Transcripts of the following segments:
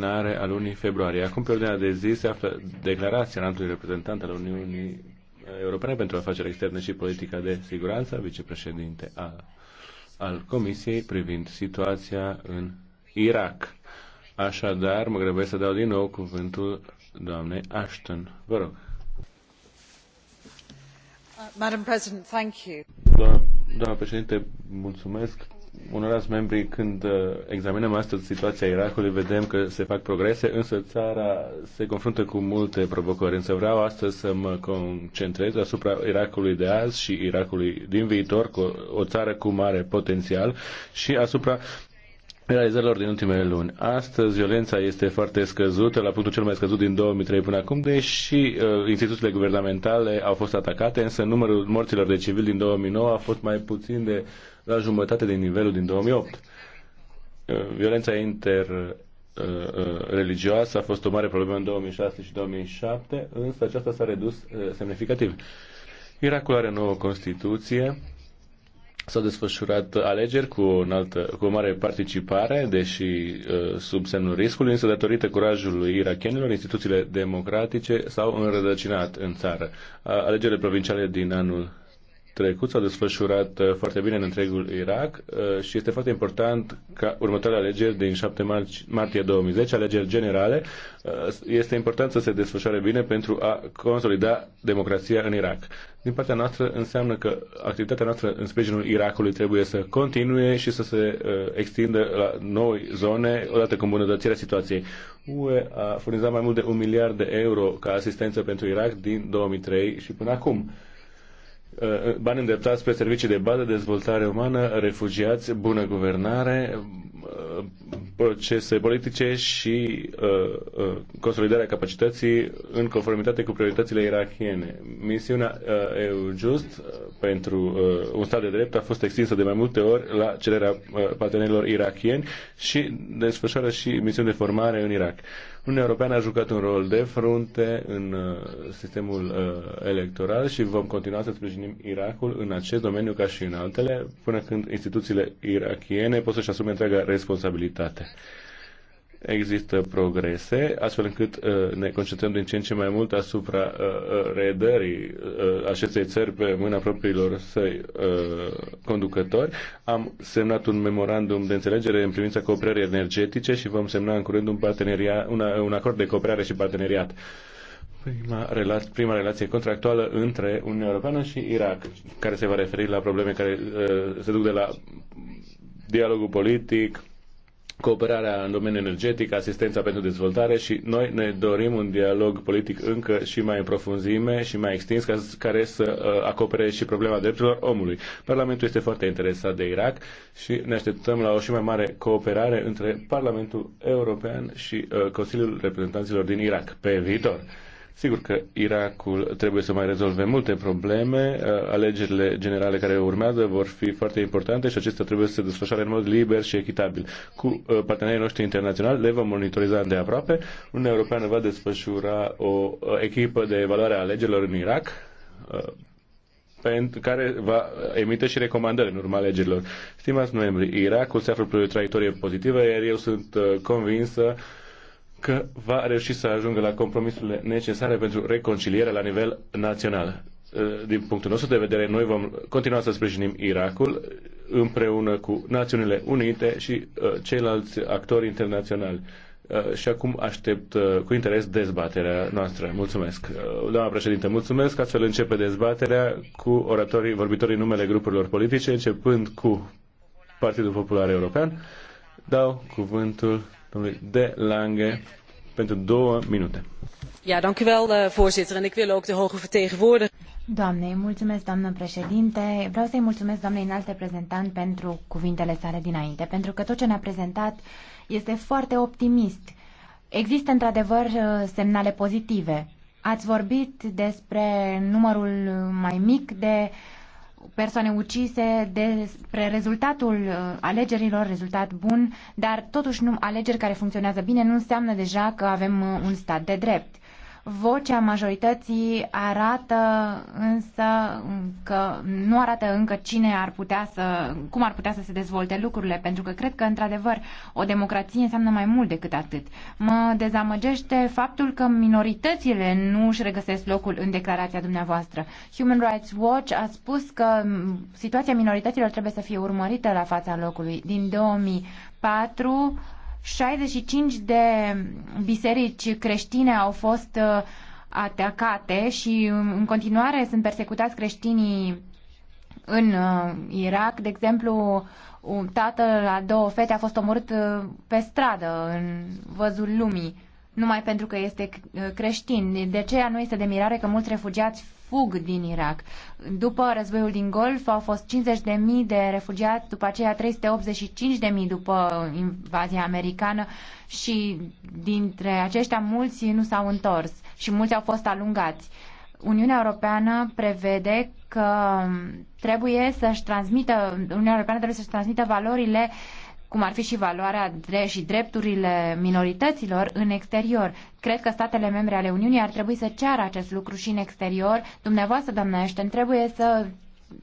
plenare a lunii februarie. Acum pe ordinea de zi se află declarația înaltului reprezentant al Uniunii Europene pentru afaceri externe și politica de siguranță, vicepreședinte a, al Comisiei privind situația în Irak. Așadar, mă grăbesc să dau din nou cuvântul doamnei Ashton. Vă rog. Uh, Madam President, thank you. Doamna președinte, mulțumesc alți membri, când uh, examinăm astăzi situația Irakului, vedem că se fac progrese, însă țara se confruntă cu multe provocări. Însă vreau astăzi să mă concentrez asupra Irakului de azi și Irakului din viitor, cu o țară cu mare potențial, și asupra realizărilor din ultimele luni. Astăzi violența este foarte scăzută, la punctul cel mai scăzut din 2003 până acum, deși uh, instituțiile guvernamentale au fost atacate, însă numărul morților de civili din 2009 a fost mai puțin de la jumătate din nivelul din 2008. Uh, violența interreligioasă uh, uh, a fost o mare problemă în 2006 și 2007, însă aceasta s-a redus semnificativ. Irakul are nouă Constituție, s-au desfășurat alegeri cu un alt, cu o mare participare, deși sub semnul riscului, însă datorită curajului irachienilor, instituțiile democratice s-au înrădăcinat în țară. Alegerile provinciale din anul trecut s-au desfășurat uh, foarte bine în întregul Irak uh, și este foarte important ca următoarele alegeri din 7 martie 2010, alegeri generale, uh, este important să se desfășoare bine pentru a consolida democrația în Irak. Din partea noastră înseamnă că activitatea noastră în sprijinul Irakului trebuie să continue și să se extindă la noi zone, odată cu îmbunătățirea situației. UE a furnizat mai mult de un miliard de euro ca asistență pentru Irak din 2003 și până acum Uh, bani îndreptați pe servicii de bază, dezvoltare umană, refugiați, bună guvernare, uh, procese politice și uh, consolidarea capacității în conformitate cu prioritățile irachiene. Misiunea EU-Just pentru un stat de drept a fost extinsă de mai multe ori la cererea partenerilor irachieni și desfășoară și misiuni de formare în Irak. Uniunea Europeană a jucat un rol de frunte în uh, sistemul uh, electoral și vom continua să sprijinim Irakul în acest domeniu ca și în altele, până când instituțiile irakiene pot să-și asume întreaga responsabilitate există progrese, astfel încât uh, ne concentrăm din ce în ce mai mult asupra uh, uh redării uh, acestei țări pe mâna propriilor săi uh, conducători. Am semnat un memorandum de înțelegere în privința cooperării energetice și vom semna în curând un, parteneria, una, un acord de cooperare și parteneriat. Prima, rela- prima relație contractuală între Uniunea Europeană și Irak, care se va referi la probleme care uh, se duc de la dialogul politic, cooperarea în domeniul energetic, asistența pentru dezvoltare și noi ne dorim un dialog politic încă și mai în profunzime și mai extins ca, care să uh, acopere și problema drepturilor omului. Parlamentul este foarte interesat de Irak și ne așteptăm la o și mai mare cooperare între Parlamentul European și uh, Consiliul Reprezentanților din Irak pe viitor. Sigur că Irakul trebuie să mai rezolve multe probleme. Alegerile generale care urmează vor fi foarte importante și acestea trebuie să se desfășoare în mod liber și echitabil. Cu uh, partenerii noștri internaționali le vom monitoriza de aproape. Uniunea Europeană va desfășura o echipă de evaluare a alegerilor în Irak uh, pentru care va emite și recomandări în urma alegerilor. Stimați membri, Irakul se află pe o traiectorie pozitivă, iar eu sunt uh, convinsă că va reuși să ajungă la compromisurile necesare pentru reconciliere la nivel național. Uh, din punctul nostru de vedere, noi vom continua să sprijinim Irakul împreună cu Națiunile Unite și uh, ceilalți actori internaționali. Uh, și acum aștept cu interes dezbaterea noastră. Mulțumesc. Doamna președinte, mulțumesc. Astfel începe dezbaterea cu oratorii, vorbitorii numele grupurilor politice, începând cu Partidul Popular European. Dau cuvântul domnului De Lange pentru două minute. Ja, dank u wel, eh, voorzitter. En ik wil ook de hoge vertegenwoordiger. Doamne, mulțumesc, doamnă președinte. Vreau să-i mulțumesc doamnei înalt reprezentant pentru cuvintele sale dinainte, pentru că tot ce ne-a prezentat este foarte optimist. Există, într-adevăr, eh, semnale pozitive. Ați vorbit despre numărul mai mic de uh, persoane ucise, despre rezultatul uh, alegerilor, rezultat bun, dar totuși nu, alegeri care funcționează bine nu înseamnă deja că avem uh, un stat de drept. Vocea majorității arată însă că nu arată încă cine ar putea să, cum ar putea să se dezvolte lucrurile, pentru că cred că, într-adevăr, o democrație înseamnă mai mult decât atât. Mă dezamăgește faptul că minoritățile nu își regăsesc locul în declarația dumneavoastră. Human Rights Watch a spus că situația minorităților trebuie să fie urmărită la fața locului. Din 2004 65 de biserici creștine au fost uh, atacate și um, în continuare sunt persecutați creștinii în uh, Irak. De exemplu, un tată la două fete a fost omorât uh, pe stradă, în văzul lumii numai pentru că este creștin. De aceea nu este de mirare că mulți refugiați fug din Irak. După războiul din Golf au fost 50.000 de refugiați, după aceea 385.000 după invazia americană și dintre aceștia mulți nu s-au întors și mulți au fost alungați. Uniunea Europeană prevede că trebuie să-și transmită, Uniunea Europeană trebuie să-și transmită valorile uh, cum ar fi și valoarea și drepturile minorităților în exterior. Cred că statele membre ale Uniunii ar trebui să ceară acest lucru și în exterior. Dumneavoastră, doamna Ashton, trebuie să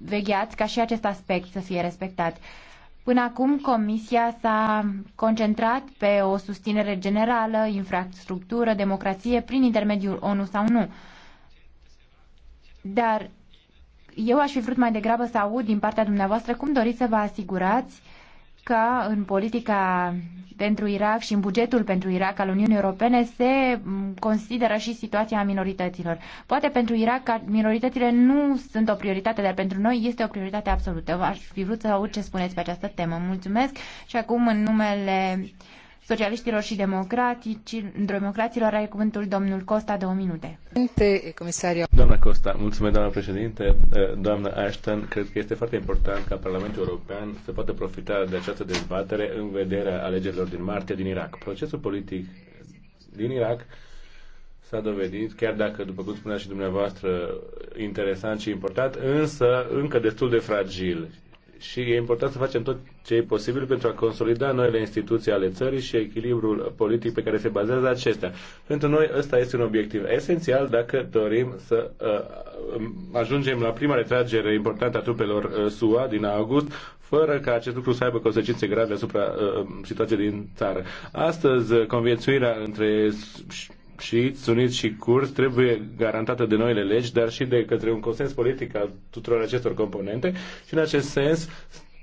vegheați ca și acest aspect să fie respectat. Până acum, Comisia s-a concentrat pe o susținere generală, infrastructură, democrație, prin intermediul ONU sau nu. Dar eu aș fi vrut mai degrabă să aud din partea dumneavoastră cum doriți să vă asigurați uh, că în politica pentru Irak și în bugetul pentru Irak al Uniunii Europene se mm, consideră și situația minorităților. Poate pentru Irak minoritățile nu sunt o prioritate, dar pentru noi este o prioritate absolută. Aș fi vrut să aud ce spuneți pe această temă. Mulțumesc și acum în numele socialiștilor și democraților are cuvântul domnul Costa, două minute. Doamna Costa, mulțumesc doamna președinte. Eh, doamna Ashton, cred că este foarte important ca Parlamentul European să poată profita de această dezbatere în vederea alegerilor din martie din Irak. Procesul politic din Irak s-a dovedit, chiar dacă, după cum spunea și dumneavoastră, interesant și important, însă încă destul de fragil și e important să facem tot ce e posibil pentru a consolida noile instituții ale țării și echilibrul politic pe care se bazează acestea. Pentru noi ăsta este un obiectiv esențial dacă dorim să uh, ajungem la prima retragere importantă a trupelor uh, SUA din august, fără ca acest lucru să aibă consecințe grave asupra uh, situației din țară. Astăzi, uh, conviețuirea între și sunit și curs trebuie garantată de noile legi, dar și de către un consens politic al tuturor acestor componente și în acest sens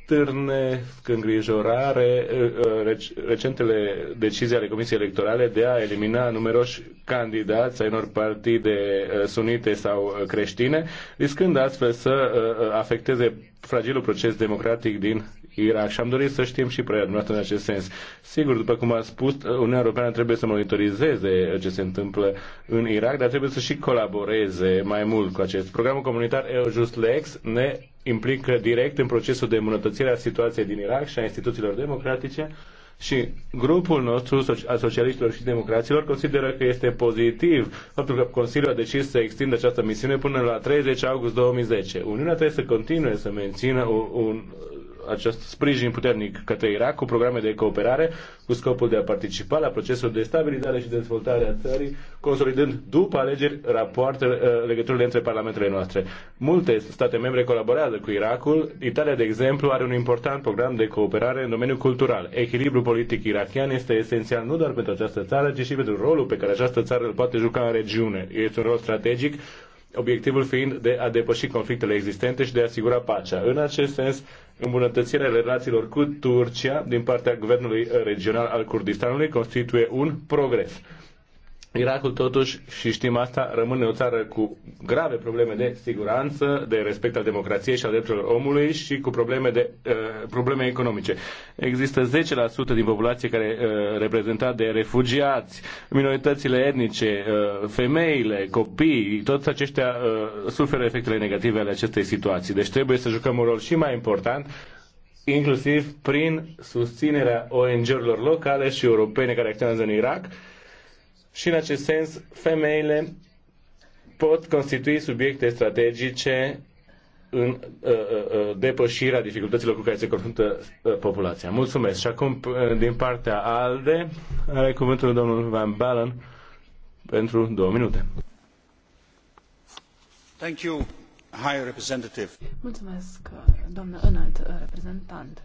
stârnesc îngrijorare ă, ă, recentele decizii ale Comisiei Electorale de a elimina numeroși candidați ai unor partide ă, sunite sau creștine, riscând astfel să afecteze fragilul proces democratic din Irak și am dorit să știm și părerea dumneavoastră în acest sens. Sigur, după cum a spus, Uniunea Europeană trebuie să monitorizeze ce se întâmplă în Irak, dar trebuie să și colaboreze mai mult cu acest. Programul comunitar just Lex ne implică direct în procesul de îmbunătățire a situației din Irak și a instituțiilor democratice și grupul nostru a socialiștilor și democraților consideră că este pozitiv faptul că Consiliul a decis să extindă această misiune până la 30 august 2010. Uniunea trebuie să continue să mențină un, un acest sprijin puternic către Irak cu programe de cooperare cu scopul de a participa la procesul de stabilizare și dezvoltare a țării, consolidând după alegeri rapoartele, uh, legăturile între parlamentele noastre. Multe state membre colaborează cu Irakul. Italia, de exemplu, are un important program de cooperare în domeniul cultural. Echilibrul politic irachian este esențial nu doar pentru această țară, ci și pentru rolul pe care această țară îl poate juca în regiune. Este un rol strategic obiectivul fiind de a depăși conflictele existente și de a asigura pacea. În acest sens, îmbunătățirea relațiilor cu Turcia din partea guvernului regional al Kurdistanului constituie un progres. Irakul totuși, și știm asta, rămâne o țară cu grave probleme de siguranță, de respect al democrației și al drepturilor omului și cu probleme, de, uh, probleme economice. Există 10% din populație care uh, reprezenta de refugiați, minoritățile etnice, uh, femeile, copii, toți aceștia uh, suferă efectele negative ale acestei situații. Deci trebuie să jucăm un rol și mai important inclusiv prin susținerea ONG-urilor locale și europene care acționează în Irak și în acest sens, femeile pot constitui subiecte strategice în uh, uh, uh, depășirea dificultăților cu care se confruntă uh, populația. Mulțumesc. Și acum, uh, din partea ALDE, are cuvântul domnul Van Balen pentru două minute. Thank you, High Representative. Mulțumesc, domnul înalt reprezentant.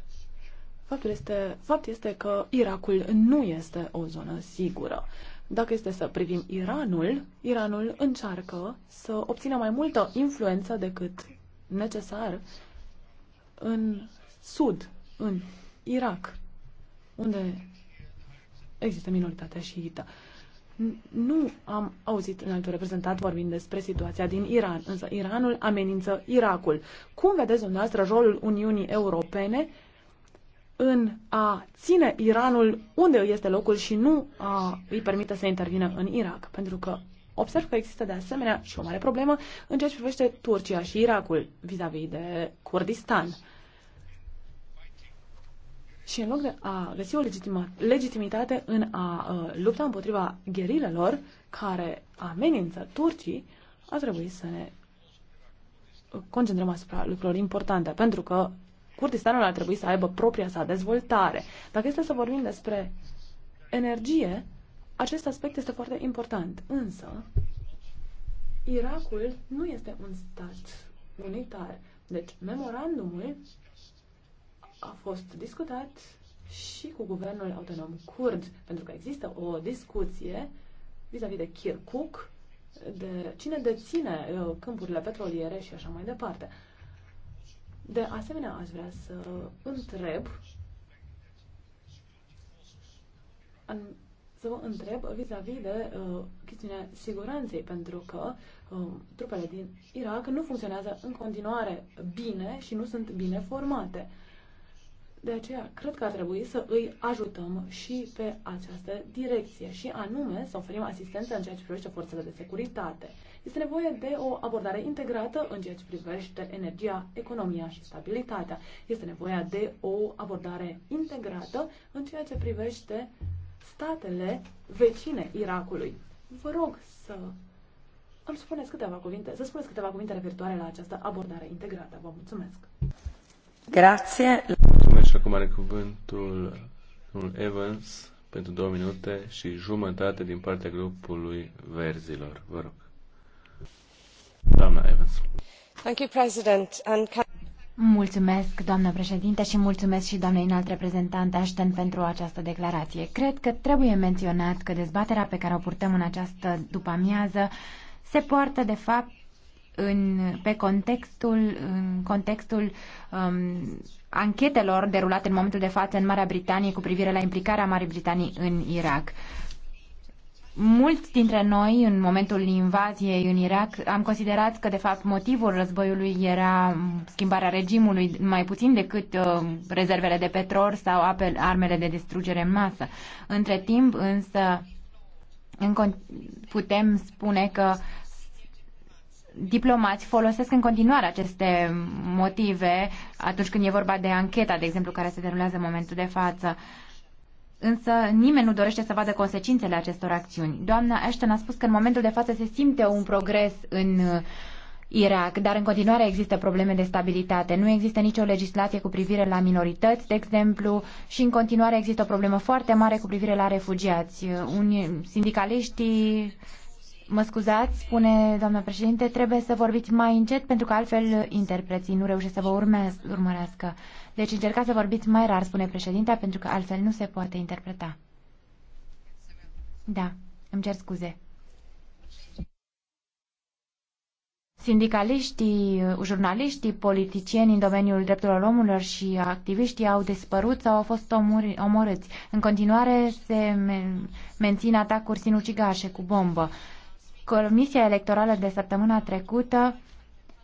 Faptul este, fapt este că Irakul nu este o zonă sigură. Dacă este să privim Iranul, Iranul încearcă să obțină mai multă influență decât necesar în sud, în Irak, unde există minoritatea șiită. Nu am auzit în altul reprezentat vorbind despre situația din Iran, însă Iranul amenință Irakul. Cum vedeți dumneavoastră rolul Uniunii Europene în a ține Iranul unde este locul și nu a îi permite să intervină în Irak. Pentru că observ că există de asemenea și o mare problemă în ceea ce privește Turcia și Irakul vis-a-vis -vis de Kurdistan. Și în loc de a găsi o legitimitate în a uh, lupta împotriva gherilelor care amenință turcii, a trebuit să ne concentrăm asupra lucrurilor importante, pentru că Kurdistanul ar trebui să aibă propria sa dezvoltare. Dacă este să vorbim despre energie, acest aspect este foarte important. Însă, Irakul nu este un stat unitar. Deci, memorandumul a fost discutat și cu guvernul autonom kurd, pentru că există o discuție vis-a-vis -vis de Kirkuk, de cine deține uh, câmpurile petroliere și așa mai departe. De asemenea, aș vrea să întreb să vă întreb vis-a-vis -vis de uh, chestiunea siguranței, pentru că uh, trupele din Irak nu funcționează în continuare bine și nu sunt bine formate. De aceea, cred că ar trebui să îi ajutăm și pe această direcție, și anume să oferim asistență în ceea ce privește forțele de securitate. Este nevoie de o abordare integrată în ceea ce privește energia, economia și stabilitatea. Este nevoie de o abordare integrată în ceea ce privește statele vecine Irakului. Vă rog să am spuneți câteva cuvinte, să spuneți câteva cuvinte referitoare la această abordare integrată. Vă mulțumesc! Grație! Mulțumesc și acum are cuvântul domnul Evans pentru două minute și jumătate din partea grupului Verzilor. Vă rog. Mulțumesc, doamnă președinte, și mulțumesc și doamnei înalt reprezentant Ashton pentru această declarație. Cred că trebuie menționat că dezbaterea pe care o purtăm în această după-amiază se poartă, de fapt, în, pe contextul, în contextul um, anchetelor derulate în momentul de față în Marea Britanie cu privire la implicarea Marii Britanii în Irak. Mulți dintre noi, în momentul invaziei în Irak, am considerat că, de fapt, motivul războiului era schimbarea regimului, mai puțin decât uh, rezervele de petrol sau apel, armele de distrugere în masă. Între timp, însă, în putem spune că diplomați folosesc în continuare aceste motive atunci când e vorba de ancheta, de exemplu, care se derulează în momentul de față. Uh, Însă nimeni nu dorește să vadă consecințele acestor acțiuni. Doamna Ashton a spus că în momentul de față se simte un progres în uh, Irak, dar în continuare există probleme de stabilitate. Nu există nicio legislație cu privire la minorități, de exemplu, și în continuare există o problemă foarte mare cu privire la refugiați. Uh, unii sindicaliștii Mă scuzați, spune doamna președinte, trebuie să vorbiți mai încet pentru că altfel interpreții nu reușesc să vă urmez, urmărească. Deci încercați să vorbiți mai rar, spune președintea, pentru că altfel nu se poate interpreta. Da, îmi cer scuze. Sindicaliștii, uh, jurnaliștii, politicieni în domeniul drepturilor omului și activiștii au dispărut sau au fost omori, omorâți. În continuare se mențin atacuri sinucigașe cu bombă. Comisia electorală de săptămâna trecută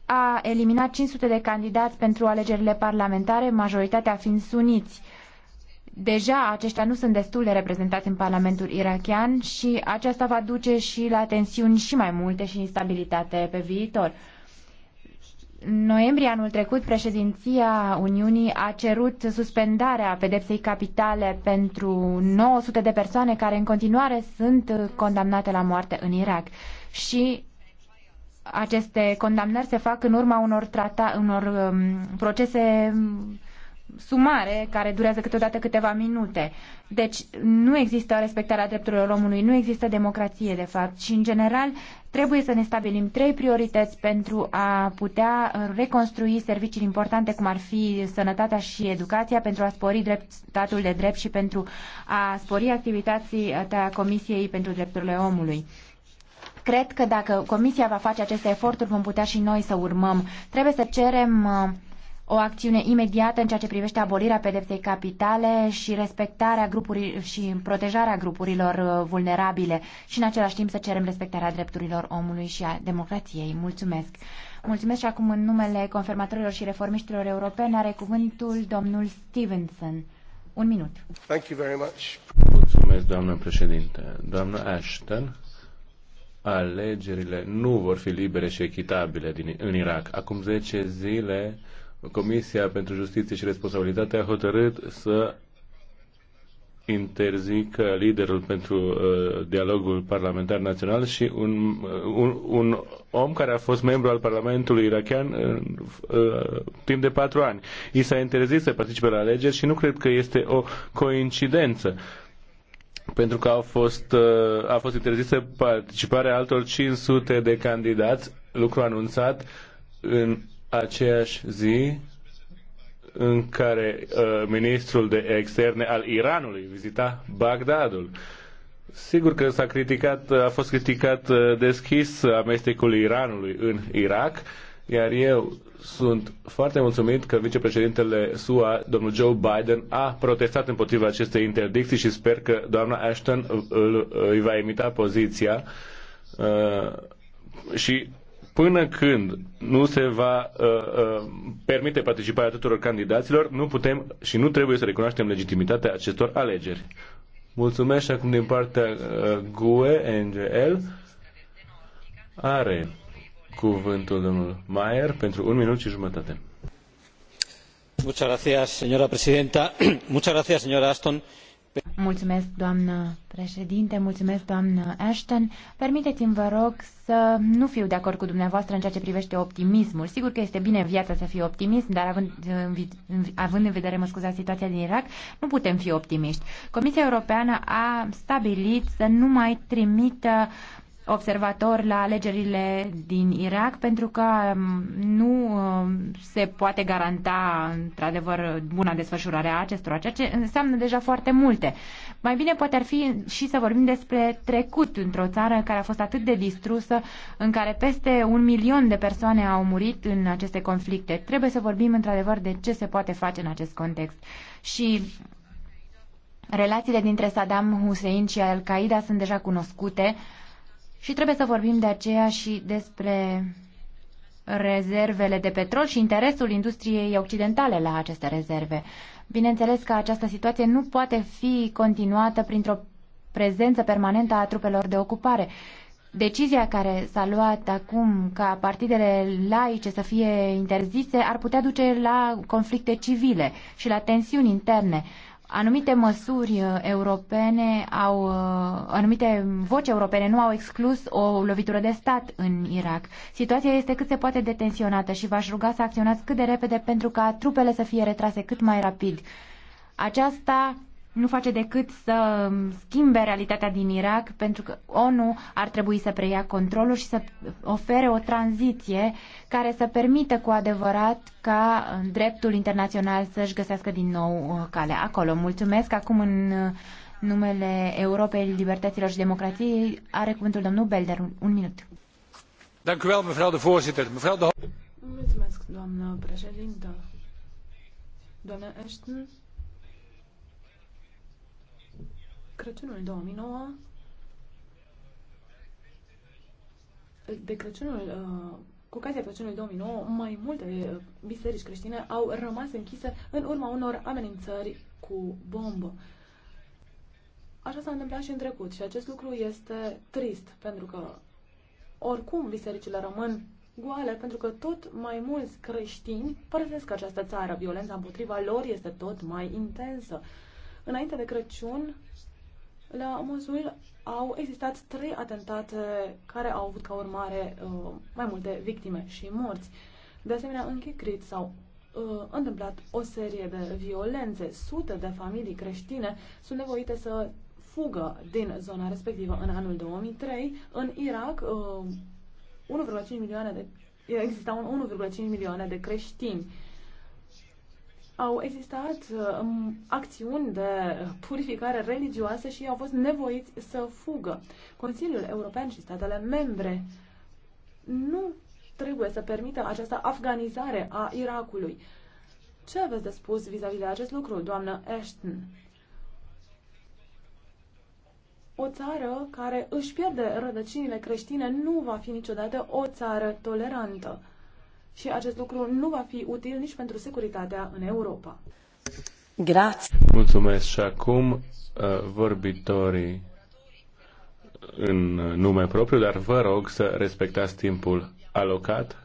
a eliminat 500 de candidați pentru alegerile parlamentare, majoritatea fiind suniți. Deja aceștia nu sunt destul de reprezentați în Parlamentul irachian și aceasta va duce și la tensiuni și mai multe și instabilitate pe viitor. În noiembrie anul trecut, președinția Uniunii a cerut suspendarea pedepsei capitale pentru 900 de persoane care în continuare sunt condamnate la moarte în Irak. Și aceste condamnări se fac în urma unor, trata, unor um, procese um, sumare care durează câteodată câteva minute. Deci nu există respectarea drepturilor omului, nu există democrație de fapt și în general trebuie să ne stabilim trei priorități pentru a putea reconstrui servicii importante cum ar fi sănătatea și educația pentru a spori drept, statul de drept și pentru a spori activitatea Comisiei pentru Drepturile Omului cred că dacă Comisia va face aceste eforturi, vom putea și noi să urmăm. Trebuie să cerem uh, o acțiune imediată în ceea ce privește abolirea pedepsei capitale și respectarea grupurilor și protejarea grupurilor uh, vulnerabile și în același timp să cerem respectarea drepturilor omului și a democrației. Mulțumesc! Mulțumesc și acum în numele confirmatorilor și reformiștilor europene, are cuvântul domnul Stevenson. Un minut. Thank you very much. Mulțumesc, doamnă președinte. Doamnă Ashton, alegerile nu vor fi libere și echitabile din, în Irak. Acum 10 zile, Comisia pentru Justiție și Responsabilitate a hotărât să interzic liderul pentru uh, dialogul parlamentar național și un, uh, un, un om care a fost membru al Parlamentului irachian uh, uh, timp de patru ani. I s-a interzis să participe la alegeri și nu cred că este o coincidență. Uh, pentru că au fost, uh, a fost interzisă participarea altor 500 de candidați, lucru anunțat în aceeași zi în care uh, ministrul de externe al Iranului vizita Bagdadul. Sigur că s-a criticat, a fost criticat uh, deschis amestecul Iranului în Irak, iar eu sunt foarte mulțumit că vicepreședintele SUA, domnul Joe Biden, a protestat împotriva acestei interdicții și sper că doamna Ashton îl, îi va imita poziția uh, și până când nu se va uh, uh, permite participarea tuturor candidaților, nu putem și nu trebuie să recunoaștem legitimitatea acestor alegeri. Mulțumesc și acum din partea uh, GUE, NGL, are cuvântul domnul Mayer pentru un minut și jumătate. Mulțumesc, doamnă președinte, mulțumesc, doamnă Ashton. Permiteți-mi, vă rog, să nu fiu de acord cu dumneavoastră în ceea ce privește optimismul. Sigur că este bine în viața să fii optimist, dar având, având în vedere, mă scuzați, situația din Irak, nu putem fi optimiști. Comisia Europeană a stabilit să nu mai trimită observator la alegerile din Irak pentru că um, nu um, se poate garanta într-adevăr buna desfășurare a acestora, ceea ce înseamnă deja foarte multe. Mai bine poate ar fi și să vorbim despre trecut într-o țară care a fost atât de distrusă, în care peste un milion de persoane au murit în aceste conflicte. Trebuie să vorbim într-adevăr de ce se poate face în acest context. Și relațiile dintre Saddam Hussein și Al-Qaeda sunt deja cunoscute. Și trebuie să vorbim de aceea și despre rezervele de petrol și interesul industriei occidentale la aceste rezerve. Bineînțeles că această situație nu poate fi continuată printr-o prezență permanentă a trupelor de ocupare. Decizia care s-a luat acum ca partidele laice să fie interzise ar putea duce la conflicte civile și la tensiuni interne anumite măsuri uh, europene au, uh, anumite voci europene nu au exclus o lovitură de stat în Irak. Situația este cât se poate detenționată și v-aș ruga să acționați cât de repede pentru ca trupele să fie retrase cât mai rapid. Aceasta nu face decât să schimbe realitatea din Irak, pentru că ONU ar trebui să preia controlul și să ofere o tranziție care să permită cu adevărat ca dreptul internațional să-și găsească din nou uh, calea acolo. Mulțumesc. Acum în uh, numele Europei Libertăților și Democrației are cuvântul domnul Belder. Un minut. Mulțumesc, doamnă președintă. Doamnă Ashton, Crăciunul 2009 de Crăciunul, uh, cu ocazia Crăciunului 2009, mai multe uh, biserici creștine au rămas închise în urma unor amenințări cu bombă. Așa s-a întâmplat și în trecut și acest lucru este trist, pentru că oricum bisericile rămân goale, pentru că tot mai mulți creștini părăsesc această țară. Violența împotriva lor este tot mai intensă. Înainte de Crăciun, la Mosul au existat trei atentate care au avut ca urmare uh, mai multe victime și morți. De asemenea, în Chicrit s-au uh, întâmplat o serie de violențe. Sute de familii creștine sunt nevoite să fugă din zona respectivă în anul 2003. În Irak, uh, 1,5 milioane de existau 1,5 milioane de creștini au existat uh, um, acțiuni de purificare religioasă și au fost nevoiți să fugă. Consiliul European și statele membre nu trebuie să permită această afganizare a Irakului. Ce aveți de spus vis-a-vis -vis de acest lucru, doamnă Ashton? O țară care își pierde rădăcinile creștine nu va fi niciodată o țară tolerantă și acest lucru nu va fi util nici pentru securitatea în Europa. Grazie. Mulțumesc. Și acum uh, vorbitorii în nume propriu, dar vă rog să respectați timpul alocat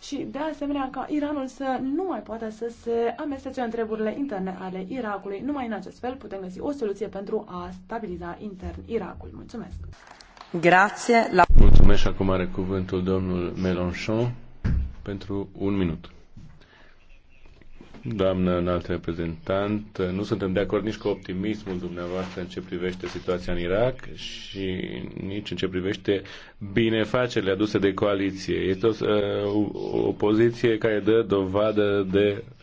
și, de asemenea, ca Iranul să nu mai poată să se amestece în treburile interne ale Irakului. Numai în acest fel putem găsi o soluție pentru a stabiliza intern Irakul. Mulțumesc! Grație! La... Mulțumesc acum are cuvântul domnul Melonchon pentru un minut. Doamnă înalt reprezentant, nu suntem de acord nici cu optimismul dumneavoastră în ce privește situația în Irak și nici în ce privește binefacerile aduse de coaliție. Este o, uh, o, o poziție care dă dovadă de uh,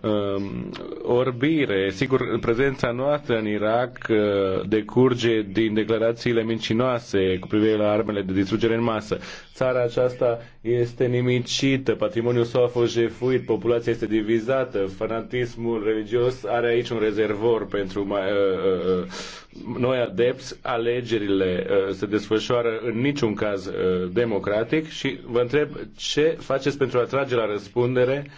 Um, orbire. Sigur, prezența noastră în Irak uh, decurge din declarațiile mincinoase cu privire la armele de distrugere în masă. Țara aceasta este nimicită, patrimoniul său a fost jefuit, populația este divizată, fanatismul religios are aici un rezervor pentru mai, uh, uh, uh noi adepți, alegerile uh, se desfășoară în niciun caz uh, democratic și vă întreb ce faceți pentru a trage la răspundere uh,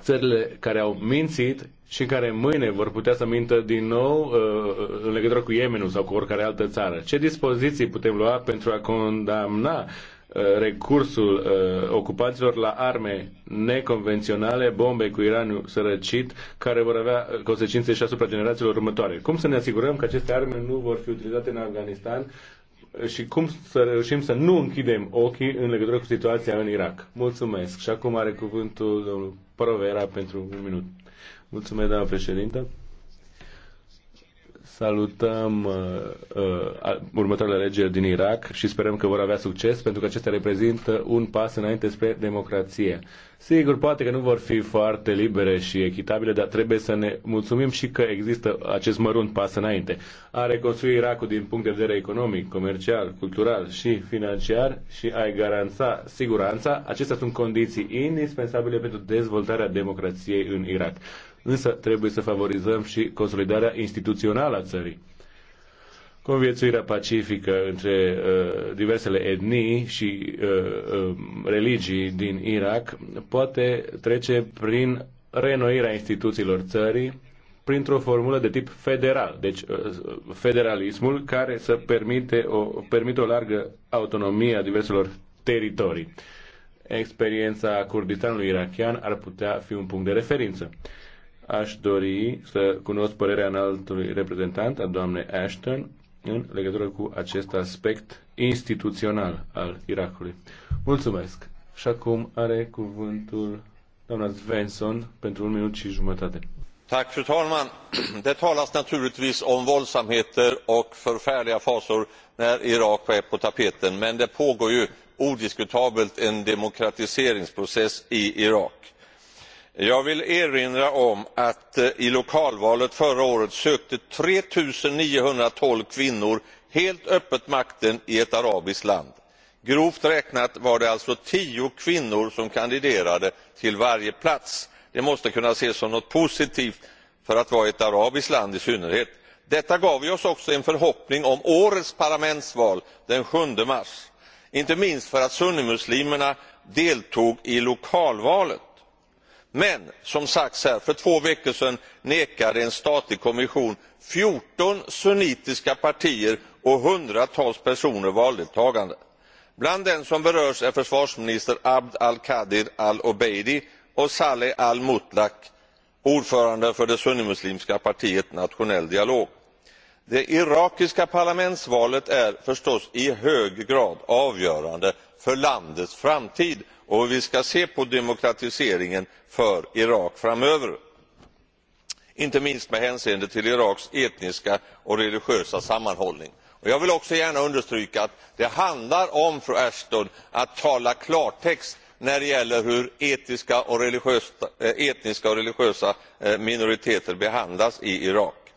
țările care au mințit și care mâine vor putea să mintă din nou uh, în legătură cu Yemenul sau cu oricare altă țară. Ce dispoziții putem lua pentru a condamna uh, recursul uh, ocupanților la arme neconvenționale, bombe cu Iranul sărăcit, care vor avea consecințe și asupra generațiilor următoare. Cum să ne asigurăm că aceste arme nu vor fi utilizate în Afganistan și cum să reușim să nu închidem ochii în legătură cu situația în Irak. Mulțumesc. Și acum are cuvântul domnul Provera pentru un minut. Mulțumesc, doamna președintă. Salutăm uh, uh, următoarele alegeri din Irak și sperăm că vor avea succes, pentru că acestea reprezintă un pas înainte spre democrație. Sigur, poate că nu vor fi foarte libere și echitabile, dar trebuie să ne mulțumim și că există acest mărunt pas înainte. A reconstrui Irakul din punct de vedere economic, comercial, cultural și financiar și a garanța, siguranța, acestea sunt condiții indispensabile pentru dezvoltarea democrației în Irak însă trebuie să favorizăm și consolidarea instituțională a țării. Conviețuirea pacifică între uh, diversele etnii și uh, uh, religii din Irak poate trece prin renoirea instituțiilor țării, printr-o formulă de tip federal, deci uh, federalismul care să permite o, permite o largă autonomie a diverselor teritorii. Experiența Kurdistanului irachian ar putea fi un punct de referință. Aș dori să cunosc părerea înaltului reprezentant, a doamnei Ashton, în legătură cu acest aspect instituțional al Irakului. Mulțumesc! Și acum are cuvântul doamna Svensson pentru un minut și jumătate. Tack fru talman! Det talas naturligtvis om våldsamheter och förfärliga fasor när Irak är på tapeten, men det pågår ju odiskutabelt en demokratiseringsprocess i Irak jag vill erinra om att eh, i lokalvalet förra året sökte tre niohundratolv kvinnor helt öppet makten i ett arabiskt land. grovt räknat var det alltså tio kvinnor som kandiderade till varje plats. det måste kunna ses som något positivt för att vara ett arabiskt land i synnerhet. detta gav oss också en förhoppning om årets parlamentsval den sjunde mars inte minst för att sunnimuslimerna deltog i lokalvalet men som sagts här för två veckor sedan nekade en statlig kommission fjorton sunnitiska partier och hundratals personer valdeltagande. bland dem som berörs är försvarsminister abd al qadir al obeidi och saleh al mutlaq ordförande för det sunnimuslimska partiet nationell dialog. det irakiska parlamentsvalet är förstås i hög grad avgörande för landets framtid och hur vi skall se på demokratiseringen för irak framöver inte minst med hänseende till iraks etniska och religiösa sammanhållning. jag vill också gärna understryka att det handlar om, fru Ashton, att tala klartext när det gäller hur eh, etniska och religiösa eh, minoriteter behandlas i Irak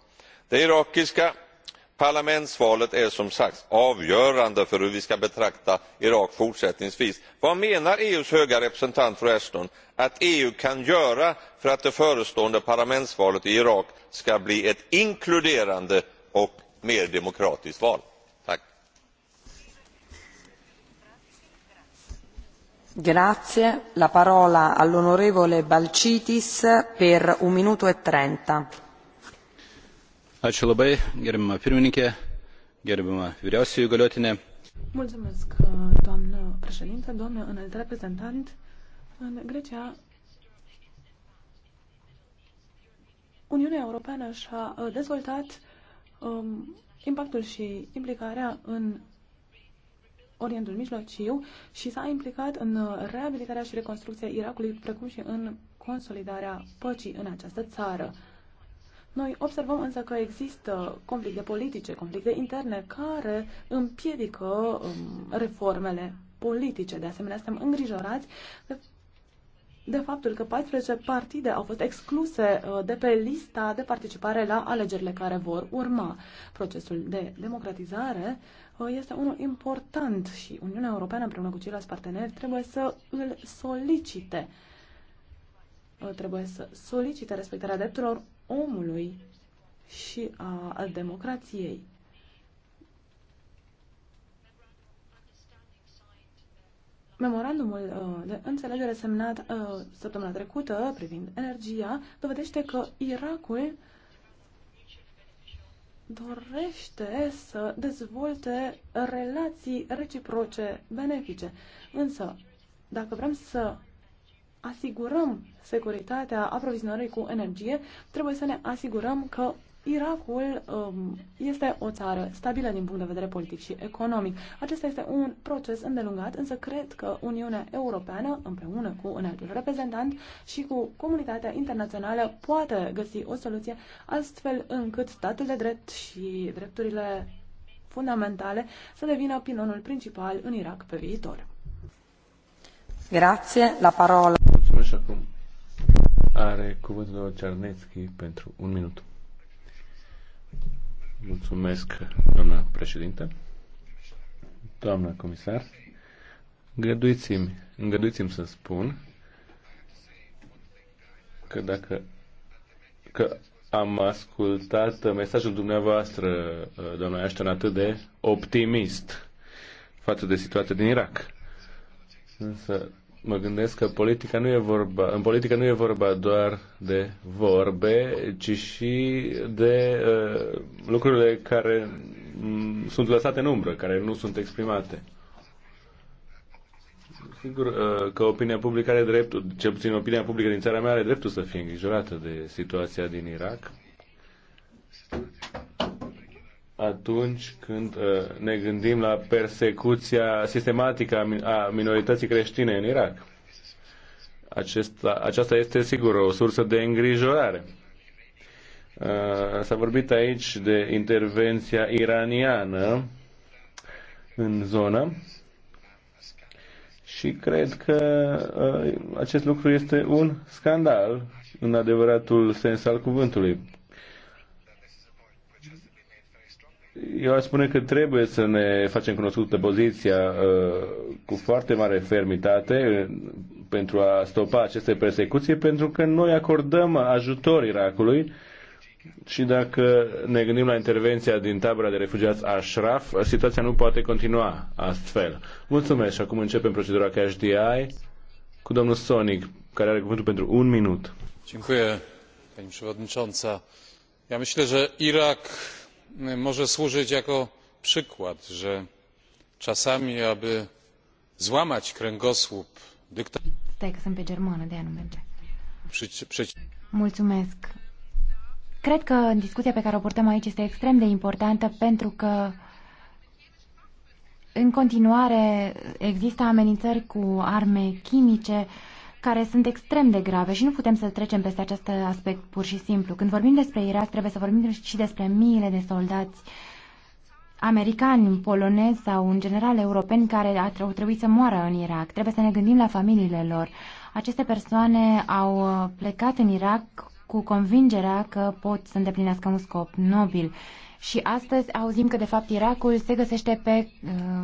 parlamentsvalet är som sagt avgörande för hur vi ska betrakta irak fortsättningsvis. vad menar eus höga representant fru ashton att eu kan göra för att det förestående parlamentsvalet i irak ska bli ett inkluderande och mer demokratiskt val? Ačiū labai, gerbima pirmininkė, gerbima vyriausioji įgaliotinė. Mulțumesc, uh, doamnă președinte, doamnă înalt reprezentant. Grecia, Uniunea Europeană și-a uh, dezvoltat um, impactul și implicarea în Orientul Mijlociu și s-a implicat în uh, reabilitarea și reconstrucția Irakului, precum și în consolidarea păcii în această țară. Noi observăm însă că există conflicte politice, conflicte interne care împiedică um, reformele politice. De asemenea, suntem îngrijorați de, de faptul că 14 partide au fost excluse uh, de pe lista de participare la alegerile care vor urma. Procesul de democratizare uh, este unul important și Uniunea Europeană împreună cu ceilalți parteneri trebuie să îl solicite uh, trebuie să solicite respectarea drepturilor omului și a democrației. Memorandumul uh, de înțelegere semnat uh, săptămâna trecută privind energia dovedește că Irakul dorește să dezvolte relații reciproce benefice. Însă, dacă vrem să asigurăm securitatea aprovizionării cu energie, trebuie să ne asigurăm că Irakul um, este o țară stabilă din punct de vedere politic și economic. Acesta este un proces îndelungat, însă cred că Uniunea Europeană, împreună cu un alt reprezentant și cu comunitatea internațională, poate găsi o soluție astfel încât statul de drept și drepturile fundamentale să devină pilonul principal în Irak pe viitor. Grazie, la parola. Mulțumesc și acum. Are cuvântul domnul Cernetski pentru un minut. Mulțumesc, doamna președinte. Doamna comisar, îngăduiți-mi, îngăduiți-mi să spun că dacă că am ascultat mesajul dumneavoastră, doamna Ashton, atât de optimist față de situația din Irak. Însă mă gândesc că politica nu e vorba, în politică nu e vorba doar de vorbe, ci și de uh, lucrurile care mm, sunt lăsate în umbră, care nu sunt exprimate. Sigur uh, că opinia publică are dreptul, cel puțin opinia publică din țara mea are dreptul să fie îngrijorată de situația din Irak atunci când uh, ne gândim la persecuția sistematică a minorității creștine în Irak. Acesta, aceasta este sigur o sursă de îngrijorare. Uh, s-a vorbit aici de intervenția iraniană în zonă și cred că uh, acest lucru este un scandal în adevăratul sens al cuvântului. eu aș spune că trebuie să ne facem cunoscută poziția uh, cu foarte mare fermitate uh, pentru a stopa aceste persecuții, pentru că noi acordăm ajutor Irakului și dacă ne gândim la intervenția din tabăra de refugiați Ashraf, situația nu poate continua astfel. Mulțumesc și acum începem procedura KHDI cu domnul Sonic, care are cuvântul pentru un minut. Dziękuję, pani przewodnicząca. Ja myślę, że Irak może służyć jako przykład że czasami aby złamać kręgosłup Cred că discuția pe care o purtăm aici este extrem de importantă pentru că în continuare există amenințări cu arme chimice care sunt extrem de grave și nu putem să trecem peste acest aspect pur și simplu. Când vorbim despre Irak, trebuie să vorbim și despre miile de soldați americani, polonezi sau în general europeni care au trebuit să moară în Irak. Trebuie să ne gândim la familiile lor. Aceste persoane au uh, plecat în Irak cu convingerea că pot să îndeplinească un scop nobil. Și astăzi auzim că, de fapt, Irakul se găsește pe uh,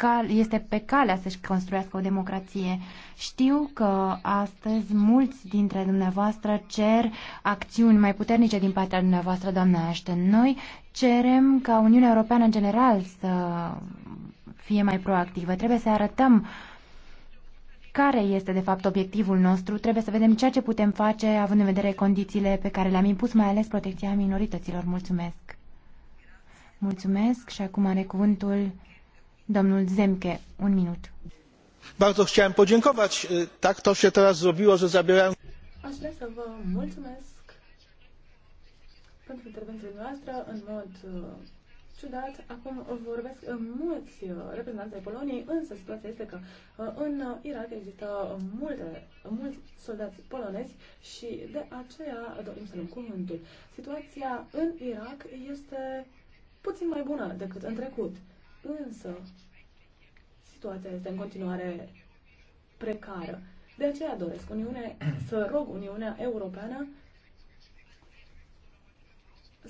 cal, este pe calea să-și construiască o democrație. Știu că astăzi mulți dintre dumneavoastră cer acțiuni mai puternice din partea dumneavoastră, doamna Ashton. Noi cerem ca Uniunea Europeană în general să fie mai proactivă. Trebuie să arătăm care este de fapt obiectivul nostru, trebuie să vedem ceea ce putem face având în vedere condițiile pe care le-am impus, mai ales protecția minorităților. Mulțumesc! Mulțumesc și acum are cuvântul Domnul Zemke, un minut. Bardzo chciałem podziękować. Tak to się teraz zrobiło, że zabierałem... Aș vrea să vă mulțumesc pentru intervenția noastră. În mod ciudat, acum vorbesc mulți reprezentanți ai Poloniei, însă situația este că în Irak există multe, mulți soldați polonezi și de aceea dorim să luăm cuvântul. Situația în Irak este puțin mai bună decât în trecut. Însă, situația este în continuare precară. De aceea doresc Uniune, să rog Uniunea Europeană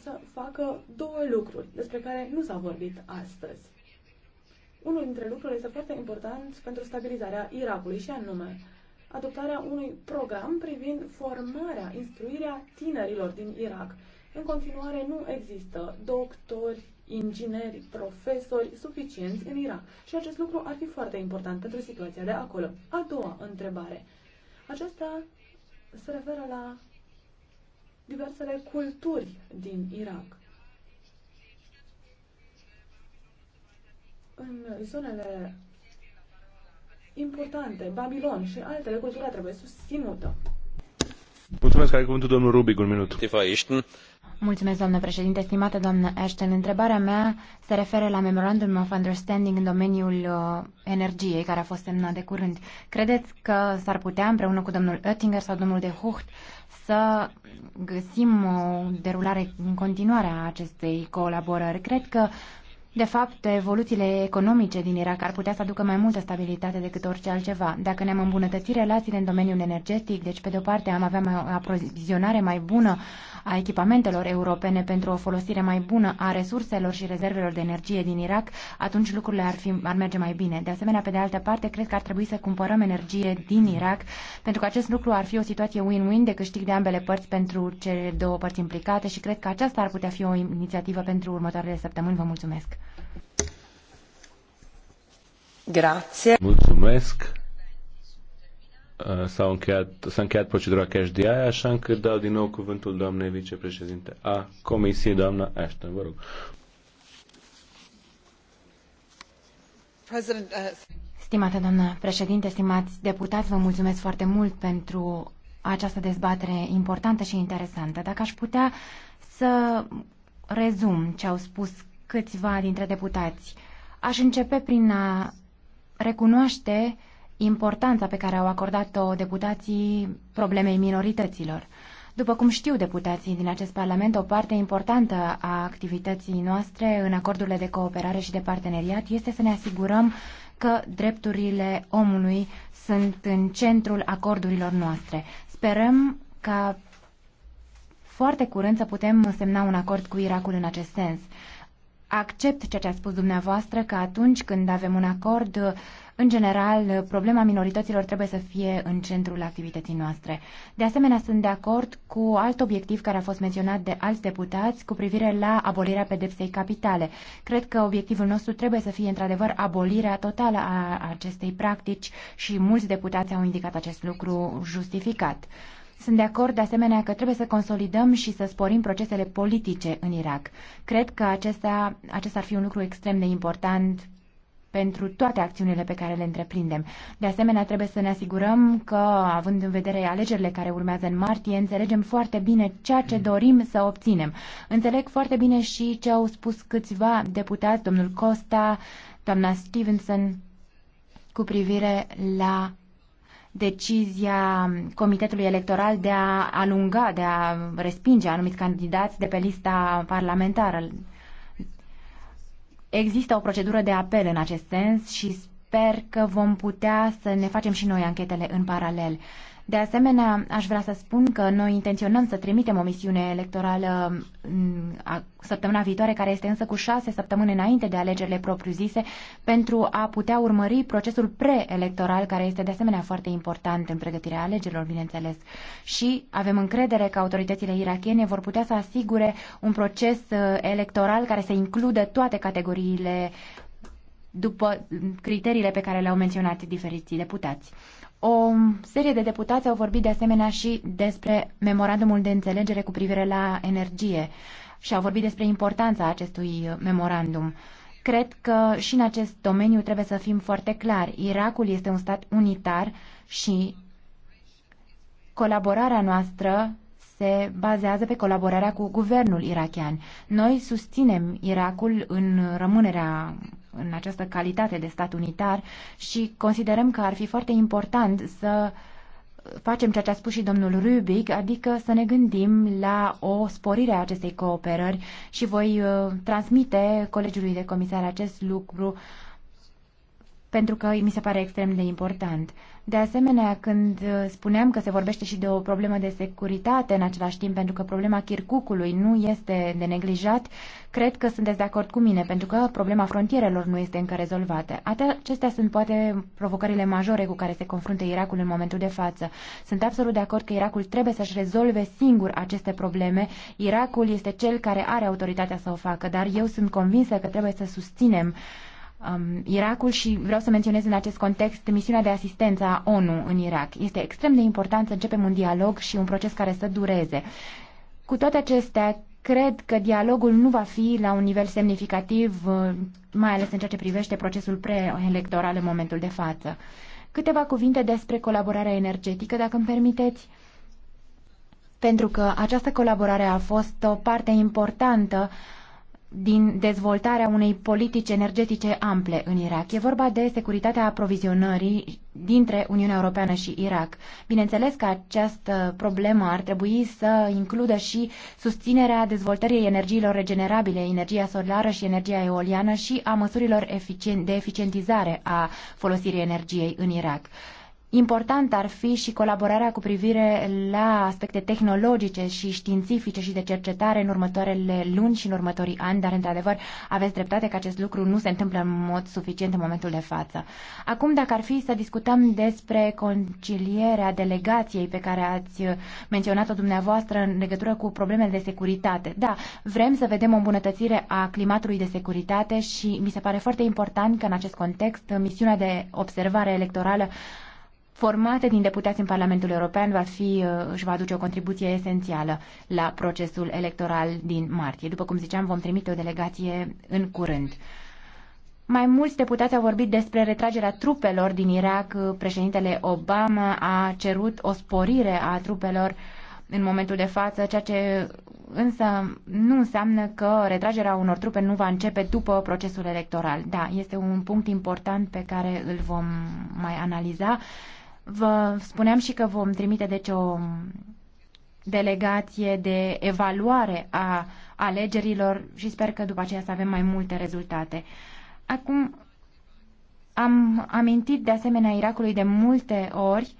să facă două lucruri despre care nu s-a vorbit astăzi. Unul dintre lucruri este foarte important pentru stabilizarea Irakului și anume adoptarea unui program privind formarea, instruirea tinerilor din Irak. În continuare nu există doctori, ingineri, profesori suficienți în Irak. Și acest lucru ar fi foarte important pentru situația de acolo. A doua întrebare. Aceasta se referă la diversele culturi din Irak. În zonele importante, Babilon și altele, cultura trebuie susținută. Mulțumesc, are cuvântul domnul Rubic, un minut. Mulțumesc, doamnă președinte. Stimată doamnă Ashton, întrebarea mea se referă la Memorandum of Understanding în domeniul uh, energiei, care a fost semnat de curând. Credeți că s-ar putea, împreună cu domnul Oettinger sau domnul de Hucht, să găsim o derulare în continuare a acestei colaborări? Cred că de fapt, evoluțiile economice din Irak ar putea să aducă mai multă stabilitate decât orice altceva. Dacă ne-am îmbunătățit relațiile în domeniul energetic, deci pe de o parte am avea mai, o aprovizionare mai bună a echipamentelor europene pentru o folosire mai bună a resurselor și rezervelor de energie din Irak, atunci lucrurile ar, fi, ar merge mai bine. De asemenea, pe de altă parte, cred că ar trebui să cumpărăm energie din Irak, pentru că acest lucru ar fi o situație win-win de câștig de ambele părți pentru cele două părți implicate și cred că aceasta ar putea fi o inițiativă pentru următoarele săptămâni. Vă mulțumesc! Grazie. Mulțumesc. Uh, s-a încheiat, s-a încheiat procedura cash DI, așa încât dau din nou cuvântul doamnei vicepreședinte a Comisiei, doamna Ashton, vă rog. Uh, Stimată doamnă președinte, stimați deputați, vă mulțumesc foarte mult pentru această dezbatere importantă și interesantă. Dacă aș putea să rezum ce au spus câțiva dintre deputați, aș începe prin a recunoaște uh, importanța pe care au acordat-o deputații problemei minorităților. După cum știu deputații din acest Parlament, o parte importantă a activității noastre în acordurile de cooperare și de parteneriat este să ne asigurăm că drepturile omului sunt în centrul acordurilor noastre. Sperăm ca foarte curând să putem semna un acord cu Irakul în acest sens. Accept ceea ce a spus dumneavoastră că atunci când avem un acord în general, problema minorităților trebuie să fie în centrul activității noastre. De asemenea, sunt de acord cu alt obiectiv care a fost menționat de alți deputați cu privire la abolirea pedepsei capitale. Cred că obiectivul nostru trebuie să fie într-adevăr abolirea totală a acestei practici și mulți deputați au indicat acest lucru justificat. Sunt de acord de asemenea că trebuie să consolidăm și să sporim procesele politice în Irak. Cred că acesta, acesta ar fi un lucru extrem de important pentru toate acțiunile pe care le întreprindem. De asemenea, trebuie să ne asigurăm că, având în vedere alegerile care urmează în martie, înțelegem foarte bine ceea ce dorim să obținem. Înțeleg foarte bine și ce au spus câțiva deputați, domnul Costa, doamna Stevenson, cu privire la decizia Comitetului Electoral de a alunga, de a respinge anumiți candidați de pe lista parlamentară Există o procedură de apel în acest sens și sper că vom putea să ne facem și noi anchetele în paralel. De asemenea, aș vrea să spun că noi intenționăm să trimitem o misiune electorală mm, săptămâna viitoare, care este însă cu șase săptămâni înainte de alegerile propriu-zise, pentru a putea urmări procesul preelectoral, care este de asemenea foarte important în pregătirea alegerilor, bineînțeles. Și avem încredere că autoritățile irachiene vor putea să asigure un proces uh, electoral care să includă toate categoriile după mm, criteriile pe care le-au menționat diferiții deputați. O serie de deputați au vorbit de asemenea și despre memorandumul de înțelegere cu privire la energie și au vorbit despre importanța acestui memorandum. Cred că și în acest domeniu trebuie să fim foarte clari. Irakul este un stat unitar și colaborarea noastră se bazează pe colaborarea cu guvernul irachian. Noi susținem Irakul în rămânerea în această calitate de stat unitar și considerăm că ar fi foarte important să facem ceea ce a spus și domnul Rubic, adică să ne gândim la o sporire a acestei cooperări și voi uh, transmite colegiului de comisar acest lucru pentru că mi se pare extrem de important. De asemenea, când spuneam că se vorbește și de o problemă de securitate în același timp, pentru că problema Kirkucului nu este de neglijat, cred că sunteți de acord cu mine, pentru că problema frontierelor nu este încă rezolvată. Acestea sunt poate provocările majore cu care se confruntă Irakul în momentul de față. Sunt absolut de acord că Irakul trebuie să-și rezolve singur aceste probleme. Irakul este cel care are autoritatea să o facă, dar eu sunt convinsă că trebuie să susținem uh, um, Irakul și vreau să menționez în acest context misiunea de asistență a ONU în Irak. Este extrem de important să începem un dialog și un proces care să dureze. Cu toate acestea, cred că dialogul nu va fi la un nivel semnificativ, uh, mai ales în ceea ce privește procesul preelectoral în momentul de față. Câteva cuvinte despre colaborarea energetică, dacă îmi permiteți pentru că această colaborare a fost o parte importantă din dezvoltarea unei politici energetice ample în Irak. E vorba de securitatea aprovizionării dintre Uniunea Europeană și Irak. Bineînțeles că această problemă ar trebui să includă și susținerea dezvoltării energiilor regenerabile, energia solară și energia eoliană și a măsurilor de eficientizare a folosirii energiei în Irak. Important ar fi și colaborarea cu privire la aspecte tehnologice și științifice și de cercetare în următoarele luni și în următorii ani, dar într-adevăr aveți dreptate că acest lucru nu se întâmplă în mod suficient în momentul de față. Acum, dacă ar fi să discutăm despre concilierea delegației pe care ați menționat-o dumneavoastră în legătură cu problemele de securitate. Da, vrem să vedem o îmbunătățire a climatului de securitate și mi se pare foarte important că în acest context misiunea de observare electorală formate din deputați în Parlamentul European va fi, uh, își va aduce o contribuție esențială la procesul electoral din martie. După cum ziceam, vom trimite o delegație în curând. Mai mulți deputați au vorbit despre retragerea trupelor din Irak. Președintele Obama a cerut o sporire a trupelor în momentul de față, ceea ce însă nu înseamnă că retragerea unor trupe nu va începe după procesul electoral. Da, este un punct important pe care îl vom mai analiza. Vă spuneam și că vom trimite deci o delegație de evaluare a alegerilor și sper că după aceea să avem mai multe rezultate. Acum am amintit de asemenea Irakului de multe ori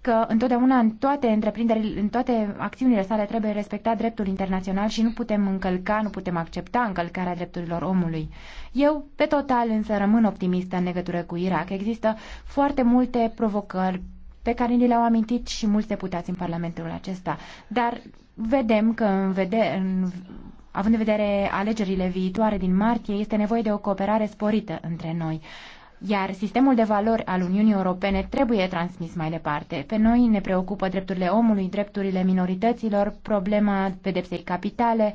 că întotdeauna în toate întreprinderile, în toate acțiunile sale trebuie respectat dreptul internațional și nu putem încălca, nu putem accepta încălcarea drepturilor omului. Eu, pe total, însă rămân optimistă în legătură cu Irak. Există foarte multe provocări pe care ni le-au amintit și mulți deputați în Parlamentul acesta. Dar vedem că în, vede, în având în vedere alegerile viitoare din martie, este nevoie de o cooperare sporită între noi iar sistemul de valori al Uniunii Europene trebuie transmis mai departe. Pe noi ne preocupă drepturile omului, drepturile minorităților, problema pedepsei capitale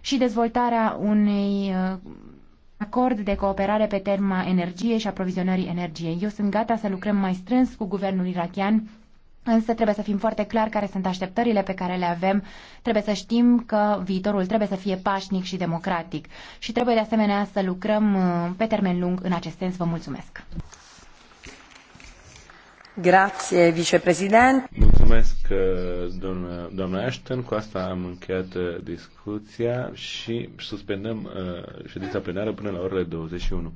și dezvoltarea unei uh, acord de cooperare pe tema energiei și aprovizionării energiei. Eu sunt gata să lucrăm mai strâns cu guvernul irachian Însă trebuie să fim foarte clar care sunt așteptările pe care le avem, trebuie să știm că viitorul trebuie să fie pașnic și democratic și trebuie de asemenea să lucrăm uh, pe termen lung în acest sens. Vă mulțumesc! Grazie, vicepreședinte. Mulțumesc, uh, doamna, doamna Ashton. Cu asta am încheiat uh, discuția și suspendăm ședința plenară până la orele 21.